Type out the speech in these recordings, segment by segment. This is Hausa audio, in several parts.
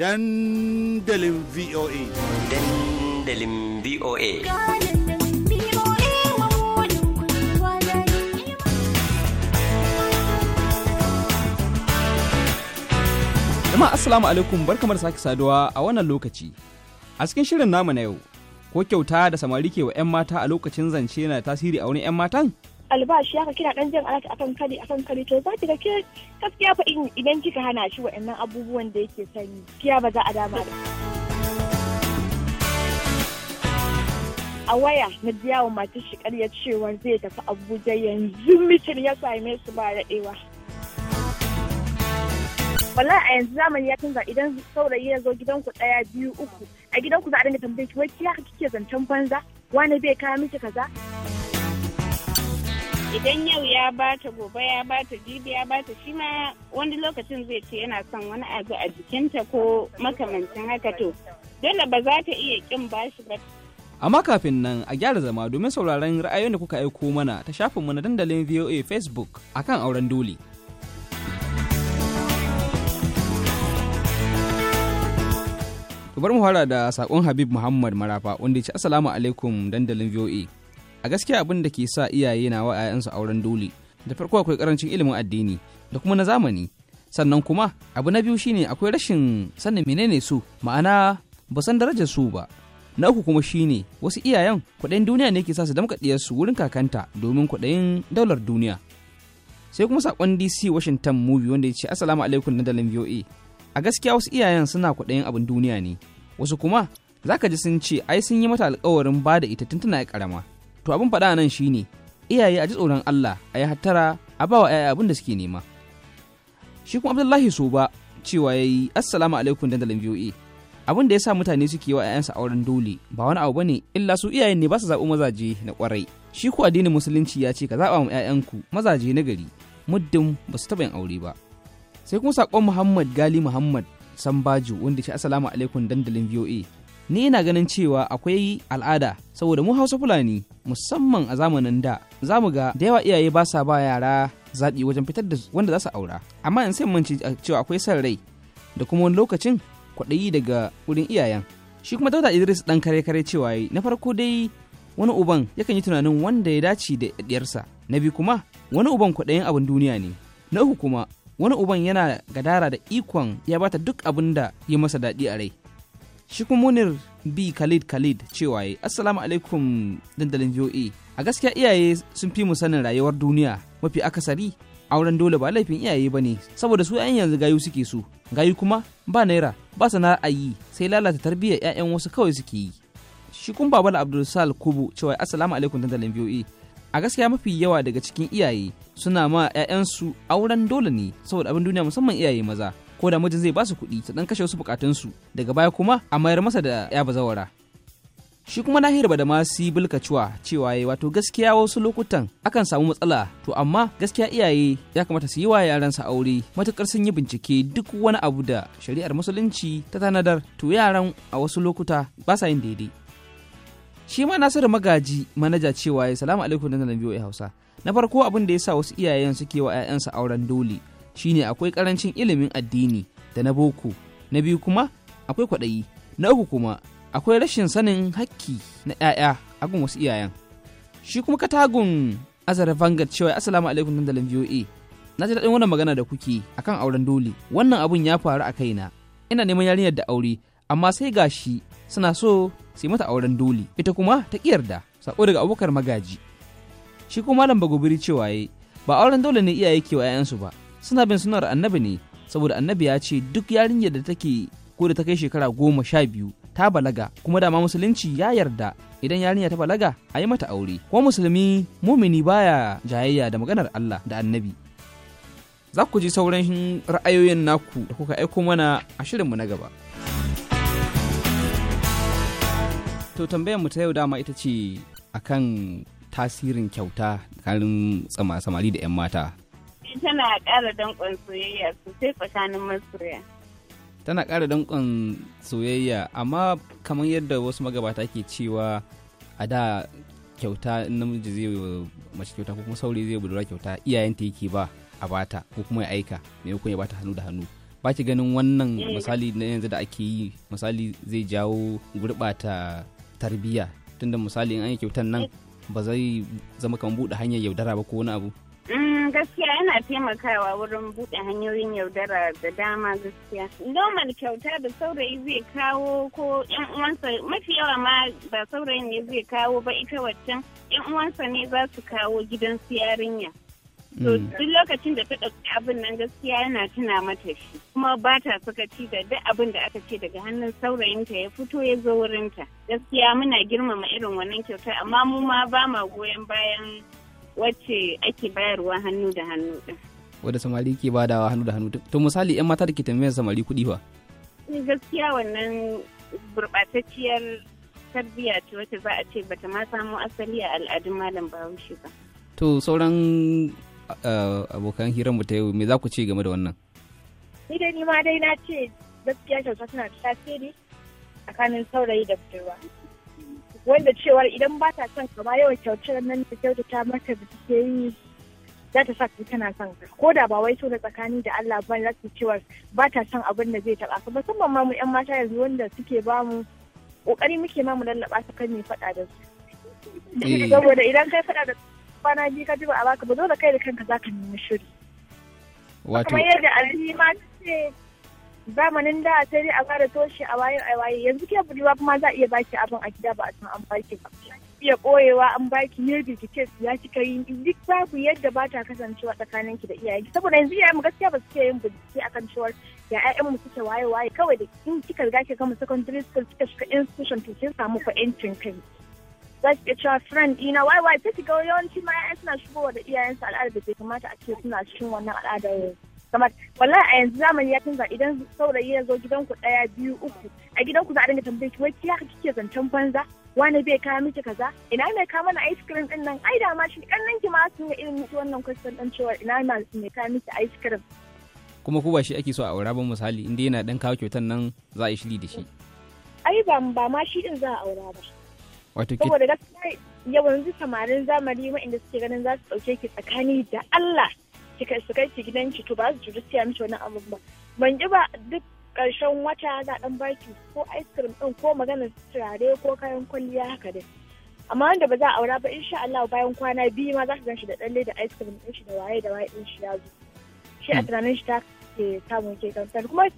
dandalin VOA. Dandalin VOA. Jama'a Assalamu alaikum kamar sake saduwa a wannan lokaci. A cikin shirin namu na yau, ko kyauta da samari ke wa 'yan mata a lokacin zance na tasiri a wani 'yan matan? albashi haka kina dan jin alaka akan kari akan kari to zaki ki ga ke gaskiya fa idan kika hana shi wa'annan abubuwan da yake sani kiya ba za a dama da a waya na biya wa matar shi ƙarya cewa zai tafi abuja yanzu mitin ya same su ba raɗewa wala a yanzu zamani ya canza idan saurayi ya zo gidanku ɗaya biyu uku a gidanku za a dinga tambayi ki wai ki haka kike zancen banza wani bai kawo miki kaza idan yau ya bata gobe ya bata jibi ya bata shi ma wani lokacin zai ce yana son wani abu a jikinta ko makamancin haka to dole ba za ta iya kin shi ba amma kafin nan a gyara zama domin sauraron ra'ayoyin da kuka aiko mana ta shafinmu na dandalin voa facebook akan auren dole bar mu fara da sakon habib muhammad marafa wanda ya ce assalamu alaikum dandalin voa a gaskiya abin da ke sa iyaye na wa 'ya'yansu auren dole da farko akwai karancin ilimin addini da kuma na zamani sannan kuma abu na biyu shine akwai rashin sanin menene su ma'ana ba san darajar su ba na uku kuma shine wasu iyayen kuɗin duniya ne ke sa su damka su wurin kakanta domin kuɗin daular duniya sai kuma sakon dc washington movie wanda ya ce assalamu alaikum na dalin voa a gaskiya wasu iyayen suna kuɗin abin duniya ne wasu kuma zaka ji sun ce ai sun yi mata alkawarin ba da ita tun tana karama to abin faɗa nan shi ne iyaye a ji tsoron Allah a yi hattara a ba wa 'ya'ya abin da suke nema shi kuma Abdullahi Soba cewa ya yi. assalamu alaikum dandalin VOA abin da ya sa mutane suke wa 'ya'yansa auren dole ba wani abu ba ne. illa su iyayen ne ba su zaɓi mazaje na kwarai shi ku addinin musulunci ya ce ka zaɓa wa 'ya'yanku mazaje na gari muddin ba su taɓa yin aure ba sai kuma saƙon Muhammad Gali Muhammad Sambajo wanda ce assalamu alaikum dandalin VOA ni ina ganin cewa akwai al'ada saboda mu hausa fulani musamman a zamanin da za mu ga da yawa iyaye ba sa ba yara zaɓi wajen fitar da wanda za su aura amma in sai mun cewa akwai son rai da kuma wani lokacin kwaɗayi daga wurin iyayen shi kuma dauda idris dan kare kare cewa na farko dai wani uban yakan yi tunanin wanda ya dace da ɗiyarsa na biyu kuma wani uban kwaɗayin abin duniya ne na uku kuma wani uban yana gadara da ikon ya bata duk abin da ya masa daɗi a rai shi kuma munir b khalid khalid cewa yi assalamu alaikum dandalin voa a gaskiya iyaye sun fi mu sanin rayuwar duniya mafi akasari auren dole ba laifin iyaye ba ne saboda su 'yan yanzu gayu suke so gayu kuma ba naira ba sana'ar ayi sai lalata tarbiyyar 'ya'yan wasu kawai suke yi shi kuma babal abdulsal kubu cewa assalamu alaikum dandalin voa a gaskiya mafi yawa daga cikin iyaye suna ma 'ya'yansu auren dole ne saboda abin duniya musamman iyaye maza ko da mijin zai basu kuɗi ta dan kashe wasu bukatunsu daga baya kuma a mayar masa da ya bazawara shi kuma nahir ba da masu bilkacuwa cewa ya wato gaskiya wasu lokutan akan samu matsala to amma gaskiya iyaye ya kamata su yi wa yaran su aure matukar sun yi bincike duk wani abu da shari'ar musulunci ta tanadar to yaran a wasu lokuta ba sa yin daidai shi ma nasiru magaji manaja cewa ya salamu alaikum da nan biyo hausa na farko abin da ya sa wasu iyayen suke wa 'ya'yansa auren dole shine akwai karancin ilimin addini da na boko na biyu kuma akwai kwaɗayi na uku kuma akwai rashin sanin hakki na 'ya'ya a gun wasu iyayen shi kuma katagun azara vangar cewa asalamu alaikum dandalin voa na ji daɗin wannan magana da kuke akan auren dole wannan abun ya faru a kaina ina neman yarinyar da aure amma sai gashi suna so su mata auren dole ita kuma ta yarda sako daga abokar magaji shi kuma lamba gobiri cewa ba auren dole ne iyaye ke wa 'ya'yansu ba suna bin sunar annabi ne saboda annabi ya ce duk yarinyar da take ko da ta kai shekara goma sha biyu ta balaga kuma dama musulunci ya yarda idan yarinya ta balaga a yi mata aure ko musulmi mumini baya jayayya da maganar Allah da annabi za ku ji sauran ra'ayoyin naku da kuka aiko mana a shirinmu na gaba to tambayar mu ta yau dama ita ce akan tasirin kyauta tsakanin samari da 'yan mata tana ƙara danƙon soyayya sosai tsakanin masoya. Tana ƙara danƙon soyayya amma kamar yadda wasu magabata ke cewa a da kyauta namiji zai mace kyauta ko kuma saurayi zai budura kyauta iyayenta yake ba a bata ko kuma ya aika maimakon ya bata hannu da hannu ba ki ganin wannan eh. misali na yanzu da ake yi misali zai jawo gurɓata tarbiyya tunda misali in an yi kyautan nan eh. ba zai zama kan buɗe hanyar yaudara ba ko wani abu gaskiya yana taimakawa wurin buɗe hanyoyin yaudara da dama gaskiya. Noman kyauta da saurayi zai kawo ko yan uwansa mafi yawa ma ba saurayin ne zai kawo ba ita waccan yan uwansa ne za su kawo gidan su yarinya. Hmm. duk lokacin da ta ɗauki abin nan gaskiya yana tuna mata shi kuma ba ta sakaci da duk abin da aka ce daga hannun saurayinta ya fito ya zo wurinta. Gaskiya muna girmama irin wannan kyauta amma mu ma ba ma goyon bayan wacce ake bayarwa hannu da hannu wadda samari ke badawa hannu da hannu to misali yan mata da ke tambayar samari kuɗi ba gaskiya wannan gurɓatacciyar tarbiyya ce wacce za a ce bata ma samu asali a al'adun malam bahaushe ba to sauran abokan hirar mu ta yau me za ku ce game da wannan ni dai ni ma dai na ce gaskiya kyauta tana da tasiri tsakanin saurayi da fitarwa wanda cewar idan ba ta son ka yawan kyautar nan da ta mata da take yi za ta sa ka tana son ko da ba wai so da tsakani da Allah ba za su cewar ba ta son abin da zai taba ka musamman ma mu yan mata yanzu wanda suke ba mu kokari muke ma mu lallaba su kan mai faɗa da su eh. saboda idan kai fada da kwana biyu ka jiba a baka ba dole kai da kanka za ka nemi shiri wato kamar yadda alhima ce zamanin da sai dai a bada toshi a waye a waye yanzu ke budurwa kuma za a iya baki abin a gida ba a san an baki ba iya koyewa an baki ne da kike ya kika yi duk babu yadda ba ta kasancewa tsakanin ki da iyaye saboda yanzu iyayen mu gaskiya ba su ke yin bincike akan cewa ya ƴaƴan mu suke waye waye kawai da in kika riga kika gama secondary school kika shiga institution to kin samu ku ƴancin kai za ki cewa friend ina waye waye sai ki ga yawanci ma ƴaƴan suna shigowa da iyayensu al'adar da bai kamata a ce suna cikin wannan al'adar yanzu kamar wallahi a yanzu zamani ya canza idan saurayi ya zo gidanku ɗaya biyu uku a gidanku za a dinga tambayar ki wai haka kike zancen banza wani bai kawo miki kaza ina mai kawo mana ice cream din nan ai da ma shi nan ki ma sun yi irin miki wannan question din cewa ina ma mai kawo miki ice cream kuma ku ba shi ake so a aura ba misali inda yana dan kawo kyautan nan za a yi shiri da shi ai ba ba ma shi din za a aura ba wato ke saboda gaskiya yawanzu samarin zamani wa'inda suke ganin za su dauke ki tsakani da Allah kika su kai ki gidanki to ba su ji siya miki wani abu ba ban ji ba duk karshen wata na dan baki ko ice cream din ko maganar turare ko kayan kwalliya haka dai amma wanda ba za a aura ba insha Allah bayan kwana biyu ma za su ganshi da dalle da ice cream din shi da waye da waye din shi ya zo shi a hmm. tunanin shi ta ke samun ke kansan kuma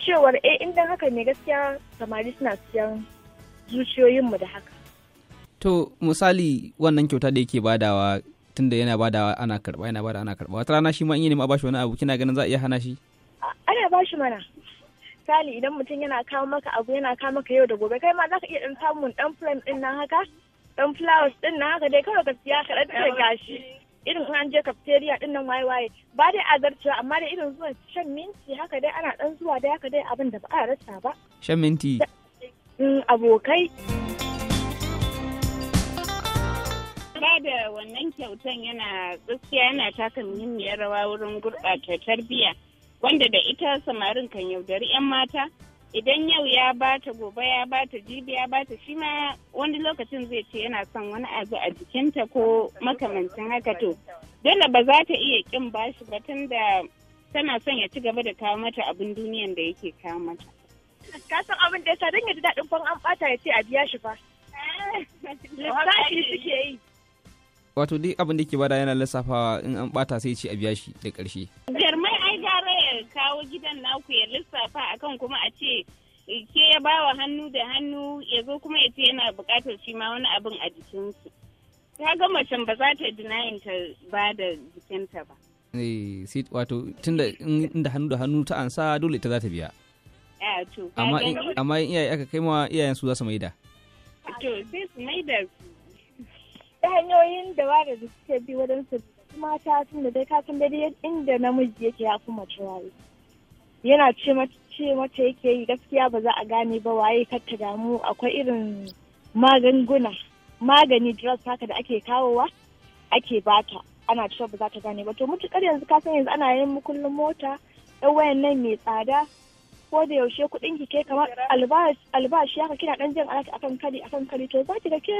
cewar eh inda haka ne gaskiya samari suna siyan zuciyoyinmu da haka to misali wannan kyauta da yake badawa tunda yana bada ana karba yana bada ana karba wata rana shi ma in yi nema bashi wani abu kina ganin za a iya hana shi ana bashi mana sali idan mutum yana kawo maka abu yana kawo maka yau da gobe kai ma zaka iya dan samun dan plan din nan haka dan flowers din nan haka dai kawai ka siya ka dan gashi irin an je cafeteria din nan waye waye ba dai a zarcewa amma dai irin zuwa shan minti haka dai ana dan zuwa dai haka dai abin da ba a rasa ba shan minti mm, abokai ba da wannan kyautan yana gaskiya yana taka muhimmiyar rawa wurin gurɓata tarbiyya wanda da ita samarin kan yaudari 'yan mata idan yau ya bata gobe ya bata jibi ya bata shi ma wani lokacin zai ce yana son wani abu a jikinta ko makamancin haka to dole ba za ta iya kin bashi ba tunda tana son ya ci gaba da kawo mata abin duniyan da yake kawo mata ka san abin da sa don ya ji daɗin an bata ya ce a biya shi fa eh, lissafi suke yi wato duk abin da ke bada yana lissafawa in an bata sai ce a biya shi da ƙarshe. Jarmai ai gara ya kawo gidan naku ya lissafa akan kuma a ce ke ya wa hannu da hannu ya zo kuma ya ce yana buƙatar shi ma wani abin a jikinsu. Ta ga macen ba za ta dinayin ta ba da jikinta ba. Eh, wato tunda inda hannu da hannu ta ansa dole ita za ta biya. Amma in iyaye aka kai ma iyayen su za su maida. To sai su maida su. ta hanyoyin da ba da suke bi wajen su mata tun da dai kasan dai inda namiji yake ya kuma rayu yana ce ce mace yake yi gaskiya ba za a gane ba waye ka ta damu akwai irin magunguna magani drugs haka da ake kawowa ake bata ana cewa ba za ta gane ba to mutukar yanzu kasan yanzu ana yin mukullin mota ɗan wayan nan mai tsada ko da yaushe kuɗin ki ke kamar albashi haka kina dan jin alaka akan kari akan kari to za ki ga ke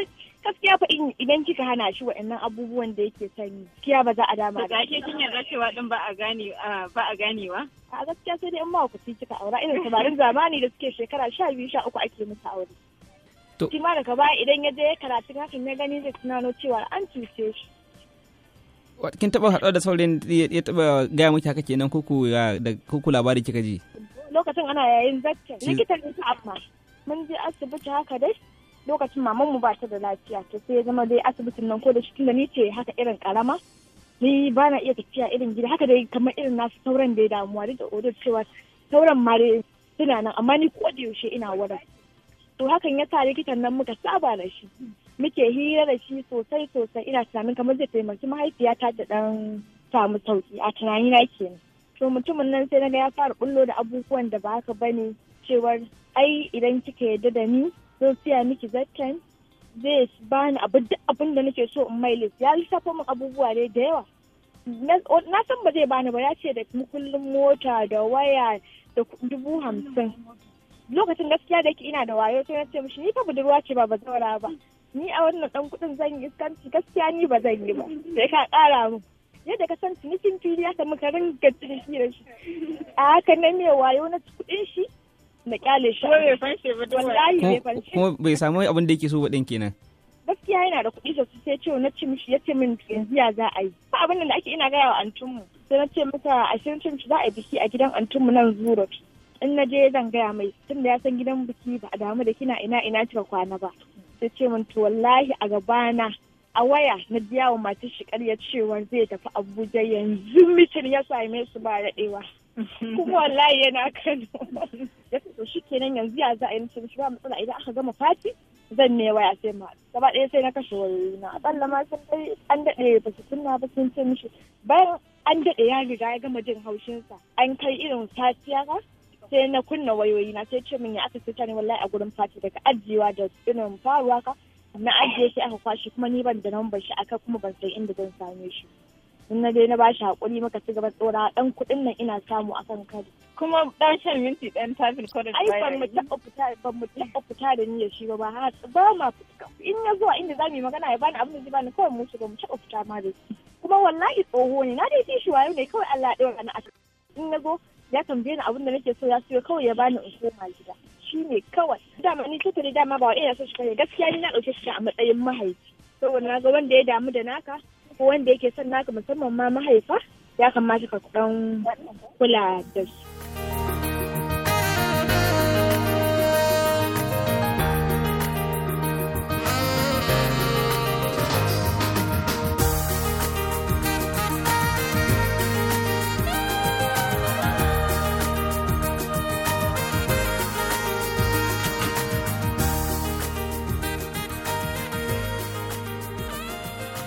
gaskiya fa idan kika hana shi wa'annan abubuwan da yake sani kiya ba za a dama da ke kin yarda cewa din ba a gane ba a ganewa a gaskiya sai dai in ma ku kika aura irin samarin zamani da suke shekara sha biyu sha uku ake musu aure shi ma daga baya idan ya je ya karatu hakan ya gani zai tunano cewa an cuce shi kin taba haɗuwa da saurayin ya taba gaya miki haka kenan kuku da kuku labari kika ji lokacin ana yayin zaccen likitan ita amma mun je asibiti haka dai lokacin maman mu ba ta da lafiya to sai ya zama dai asibitin nan ko da shi tunda ni ce haka irin karama ni ba na iya tafiya irin gida haka dai kamar irin nasu sauran da ya damuwa duk da odar cewa sauran ma dai suna nan amma ni ko da yaushe ina wurin to hakan ya sa likitan nan muka saba da shi muke hira da shi sosai sosai ina tunanin kamar zai taimaki mahaifiyata da dan samu sauki a tunanina kenan to mutumin nan sai ga ya fara bullo da abubuwan da ba haka bane cewar ai idan kika yarda da ni zan siya miki zattan zai bani abin da nake so in mai list ya lissafa min abubuwa ne da yawa na san ba zai bani ba ya ce da mukullin mota da waya da dubu hamsin lokacin gaskiya da yake ina da wayo sai na ce mishi ni fa budurwa ce ba ba zaura ba ni a wannan dan kudin zan yi iskanci gaskiya ni ba zan yi ba sai ka kara mu yadda ka san cinikin fili haka muka ringa ciniki da shi a haka na ne wayo na kuɗin shi na kyale shi bai fanshe ba wallahi bai fanshe kuma bai samu abin da yake so ba din kenan gaskiya yana da kuɗi sosai sai ce na ci mishi ya ce min yanzu ya za a yi ba abin da ake ina gaya wa antunmu sai na ce masa a shirin za a yi biki a gidan antunmu nan zuwa in na je zan gaya mai tun da ya san gidan biki ba a damu da kina ina ina cika kwana ba sai ce min to wallahi a gabana a waya na biya wa matar shi karya cewa zai tafi abuja yanzu mitin ya same su ba daɗewa kuma wallahi yana kano ya to shi kenan yanzu ya za a yi mishi ba matsala idan aka gama fati zan ne waya sai ma gaba ɗaya sai na kashe wayoyi na akalla ma sun dai an daɗe ba su kunna ba sun ce mishi bayan an daɗe ya riga ya gama jin haushinsa an kai irin safiya ka sai na kunna wayoyi na sai ce min ya aka sai ta ne wallahi a gurin fati daga ajiyewa da irin faruwa ka na ajiye shi aka kwashi kuma ni ban da nambar shi aka kuma ban san inda zan same shi in na dai na shi hakuri maka ci gaba tsora dan kuɗin nan ina samu akan kari kuma dan shan minti dan tafin kwarin ai ban mu ta fita ban mu taɓa fita da niyyar shi ba ba ba ma fita in ya zuwa inda zamu yi magana ya bani abin da zai bani kawai mu shiga mu taɓa fita ma da shi kuma wallahi tsoho ne na dai shi wayo ne kawai Allah ya ɗora ni a in na zo ya tambaye ni abin da nake so ya siyo kawai ya bani in koma gida shi ne kawai dama ni da dama ba ina so shi kare gaskiya ni na ɗauke shi a matsayin mahaifi saboda na ga wanda ya damu da naka ko wanda yake son naka musamman ma mahaifa ya kamata ka ɗan kula da shi